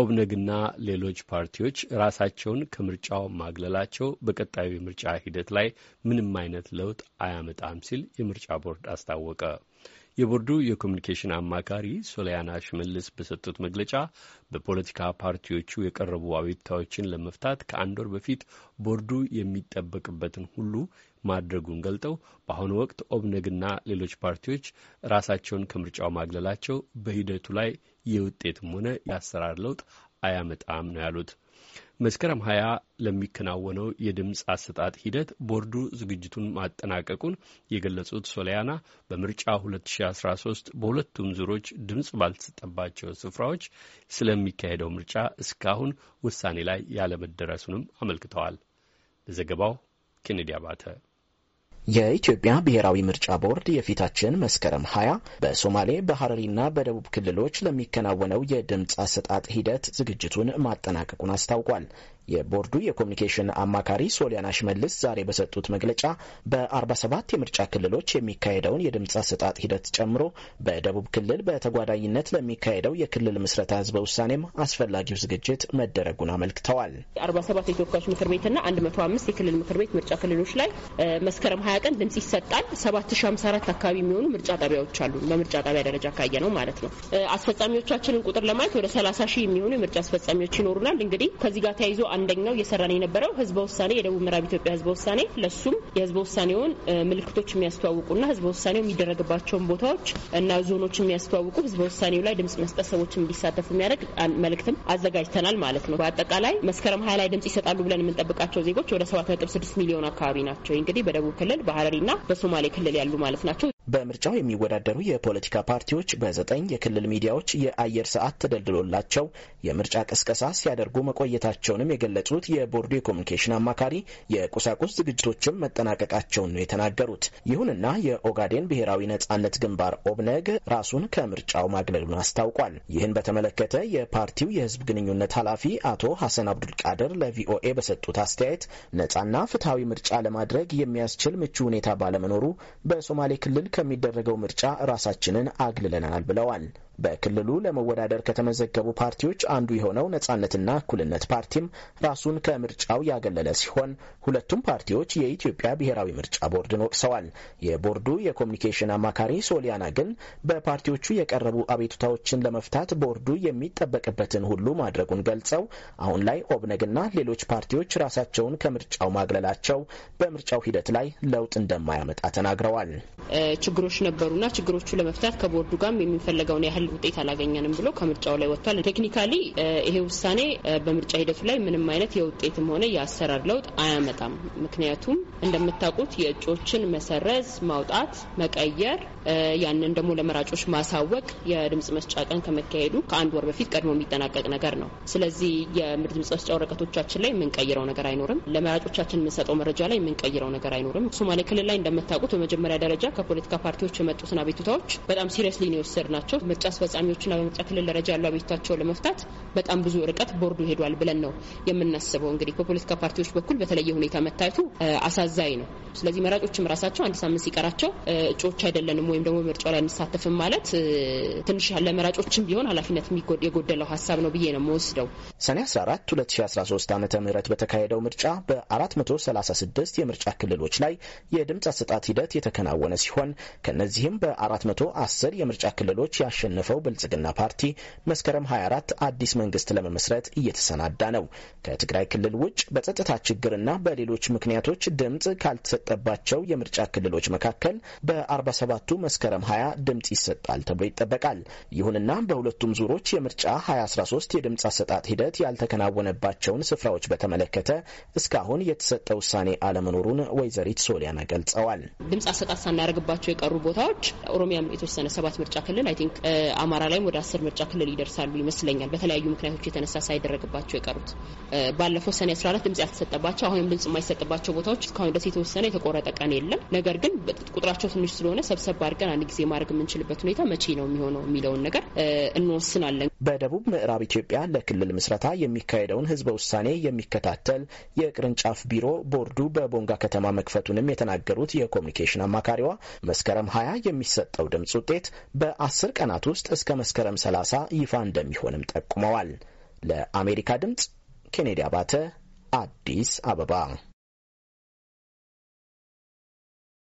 ኦብነግና ሌሎች ፓርቲዎች ራሳቸውን ከምርጫው ማግለላቸው በቀጣዩ የምርጫ ሂደት ላይ ምንም አይነት ለውጥ አያመጣም ሲል የምርጫ ቦርድ አስታወቀ። የቦርዱ የኮሚኒኬሽን አማካሪ ሶሊያና ሽመልስ በሰጡት መግለጫ በፖለቲካ ፓርቲዎቹ የቀረቡ አቤቱታዎችን ለመፍታት ከአንድ ወር በፊት ቦርዱ የሚጠበቅበትን ሁሉ ማድረጉን ገልጠው በአሁኑ ወቅት ኦብነግና ሌሎች ፓርቲዎች ራሳቸውን ከምርጫው ማግለላቸው በሂደቱ ላይ የውጤትም ሆነ የአሰራር ለውጥ አያመጣም ነው ያሉት። መስከረም ሀያ ለሚከናወነው የድምፅ አሰጣጥ ሂደት ቦርዱ ዝግጅቱን ማጠናቀቁን የገለጹት ሶሊያና በምርጫ 2013 በሁለቱም ዙሮች ድምፅ ባልተሰጠባቸው ስፍራዎች ስለሚካሄደው ምርጫ እስካሁን ውሳኔ ላይ ያለመደረሱንም አመልክተዋል። ለዘገባው ኬኔዲ አባተ የኢትዮጵያ ብሔራዊ ምርጫ ቦርድ የፊታችን መስከረም ሀያ በሶማሌ በሐረሪና በደቡብ ክልሎች ለሚከናወነው የድምፅ አሰጣጥ ሂደት ዝግጅቱን ማጠናቀቁን አስታውቋል። የቦርዱ የኮሚኒኬሽን አማካሪ ሶሊያና ሽመልስ ዛሬ በሰጡት መግለጫ በ47 የምርጫ ክልሎች የሚካሄደውን የድምፅ አሰጣጥ ሂደት ጨምሮ በደቡብ ክልል በተጓዳኝነት ለሚካሄደው የክልል ምስረታ ህዝበ ውሳኔም አስፈላጊው ዝግጅት መደረጉን አመልክተዋል። 47 የተወካዮች ምክር ቤትና 105 የክልል ምክር ቤት ምርጫ ክልሎች ላይ መስከረም 20 ቀን ድምጽ ይሰጣል። 7054 አካባቢ የሚሆኑ ምርጫ ጣቢያዎች አሉ። በምርጫ ጣቢያ ደረጃ ካየ ነው ማለት ነው። አስፈጻሚዎቻችንን ቁጥር ለማየት ወደ 30 ሺህ የሚሆኑ የምርጫ አስፈጻሚዎች ይኖሩናል። እንግዲህ ከዚህ ጋር ተያይዞ አንደኛው እየሰራን የነበረው ህዝበ ውሳኔ የደቡብ ምዕራብ ኢትዮጵያ ህዝበ ውሳኔ ለሱም የህዝበ ውሳኔውን ምልክቶች የሚያስተዋውቁና ህዝበ ውሳኔው የሚደረግባቸውን ቦታዎች እና ዞኖች የሚያስተዋውቁ ህዝበ ውሳኔው ላይ ድምጽ መስጠት ሰዎች እንዲሳተፉ የሚያደርግ መልእክትም አዘጋጅተናል ማለት ነው። በአጠቃላይ መስከረም ሀያ ላይ ድምጽ ይሰጣሉ ብለን የምንጠብቃቸው ዜጎች ወደ ሰባት ነጥብ ስድስት ሚሊዮን አካባቢ ናቸው። እንግዲህ በደቡብ ክልል በሀረሪና በሶማሌ ክልል ያሉ ማለት ናቸው። በምርጫው የሚወዳደሩ የፖለቲካ ፓርቲዎች በዘጠኝ የክልል ሚዲያዎች የአየር ሰዓት ተደልድሎላቸው የምርጫ ቅስቀሳ ሲያደርጉ መቆየታቸውንም የገለጹት የቦርዱ የኮሚኒኬሽን አማካሪ የቁሳቁስ ዝግጅቶችም መጠናቀቃቸውን ነው የተናገሩት። ይሁንና የኦጋዴን ብሔራዊ ነጻነት ግንባር ኦብነግ ራሱን ከምርጫው ማግለሉን አስታውቋል። ይህን በተመለከተ የፓርቲው የህዝብ ግንኙነት ኃላፊ አቶ ሐሰን አብዱልቃድር ለቪኦኤ በሰጡት አስተያየት ነጻና ፍትሐዊ ምርጫ ለማድረግ የሚያስችል ምቹ ሁኔታ ባለመኖሩ በሶማሌ ክልል ከሚደረገው ምርጫ ራሳችንን አግልለናል ብለዋል። በክልሉ ለመወዳደር ከተመዘገቡ ፓርቲዎች አንዱ የሆነው ነጻነትና እኩልነት ፓርቲም ራሱን ከምርጫው ያገለለ ሲሆን ሁለቱም ፓርቲዎች የኢትዮጵያ ብሔራዊ ምርጫ ቦርድን ወቅሰዋል። የቦርዱ የኮሚኒኬሽን አማካሪ ሶሊያና ግን በፓርቲዎቹ የቀረቡ አቤቱታዎችን ለመፍታት ቦርዱ የሚጠበቅበትን ሁሉ ማድረጉን ገልጸው አሁን ላይ ኦብነግና ሌሎች ፓርቲዎች ራሳቸውን ከምርጫው ማግለላቸው በምርጫው ሂደት ላይ ለውጥ እንደማያመጣ ተናግረዋል። ችግሮች ነበሩና ችግሮቹ ለመፍታት ከቦርዱ ጋር የሚፈለገውን ያህል ውጤት አላገኘንም ብሎ ከምርጫው ላይ ወጥቷል። ቴክኒካሊ ይሄ ውሳኔ በምርጫ ሂደቱ ላይ ምንም አይነት የውጤትም ሆነ የአሰራር ለውጥ አያመጣም። ምክንያቱም እንደምታውቁት የእጩዎችን መሰረዝ፣ ማውጣት፣ መቀየር ያንን ደግሞ ለመራጮች ማሳወቅ የድምጽ መስጫ ቀን ከመካሄዱ ከአንድ ወር በፊት ቀድሞ የሚጠናቀቅ ነገር ነው። ስለዚህ ድምጽ መስጫ ወረቀቶቻችን ላይ የምንቀይረው ነገር አይኖርም። ለመራጮቻችን የምንሰጠው መረጃ ላይ የምንቀይረው ነገር አይኖርም። ሶማሌ ክልል ላይ እንደምታውቁት በመጀመሪያ ደረጃ ከፖለቲካ ፓርቲዎች የመጡትን አቤቱታዎች በጣም ሲሪየስሊ ነው የወሰድናቸው። ምርጫ በአስፈጻሚዎችና በምርጫ ክልል ደረጃ ያሉ አቤቱታቸውን ለመፍታት በጣም ብዙ ርቀት ቦርዱ ሄዷል ብለን ነው የምናስበው። እንግዲህ በፖለቲካ ፓርቲዎች በኩል በተለየ ሁኔታ መታየቱ አሳዛኝ ነው። ስለዚህ መራጮችም ራሳቸው አንድ ሳምንት ሲቀራቸው እጩዎች አይደለንም ወይም ደግሞ ምርጫው ላይ አንሳተፍም ማለት ትንሽ ለመራጮችም ቢሆን ኃላፊነት የጎደለው ሀሳብ ነው ብዬ ነው የምወስደው። ሰኔ 14 2013 ዓ ም በተካሄደው ምርጫ በ436 የምርጫ ክልሎች ላይ የድምፅ አሰጣት ሂደት የተከናወነ ሲሆን ከእነዚህም በ410 የምርጫ ክልሎች ያሸነፉ ያሸነፈው ብልጽግና ፓርቲ መስከረም 24 አዲስ መንግስት ለመመስረት እየተሰናዳ ነው። ከትግራይ ክልል ውጭ በጸጥታ ችግርና በሌሎች ምክንያቶች ድምፅ ካልተሰጠባቸው የምርጫ ክልሎች መካከል በ47ቱ መስከረም 20 ድምፅ ይሰጣል ተብሎ ይጠበቃል። ይሁንና በሁለቱም ዙሮች የምርጫ 2013 የድምፅ አሰጣጥ ሂደት ያልተከናወነባቸውን ስፍራዎች በተመለከተ እስካሁን የተሰጠ ውሳኔ አለመኖሩን ወይዘሪት ሶሊያና ገልጸዋል። ድምፅ አሰጣጥ ሳናደርግባቸው የቀሩ ቦታዎች ኦሮሚያም የተወሰነ ሰባት ምርጫ ክልል አይ ቲንክ አማራ ላይም ወደ አስር ምርጫ ክልል ይደርሳሉ ይመስለኛል። በተለያዩ ምክንያቶች የተነሳ ሳይደረግባቸው የቀሩት ባለፈው ሰኔ 14 ድምጽ ያልተሰጠባቸው አሁንም ድምጽ የማይሰጥባቸው ቦታዎች እስካሁን ድረስ የተወሰነ የተቆረጠ ቀን የለም። ነገር ግን ቁጥራቸው ትንሽ ስለሆነ ሰብሰብ አድርገን አንድ ጊዜ ማድረግ የምንችልበት ሁኔታ መቼ ነው የሚሆነው የሚለውን ነገር እንወስናለን። በደቡብ ምዕራብ ኢትዮጵያ ለክልል ምስረታ የሚካሄደውን ህዝበ ውሳኔ የሚከታተል የቅርንጫፍ ቢሮ ቦርዱ በቦንጋ ከተማ መክፈቱንም የተናገሩት የኮሚኒኬሽን አማካሪዋ መስከረም ሀያ የሚሰጠው ድምጽ ውጤት በአስር ቀናት ውስጥ ውስጥ እስከ መስከረም 30 ይፋ እንደሚሆንም ጠቁመዋል። ለአሜሪካ ድምፅ ኬኔዲ አባተ አዲስ አበባ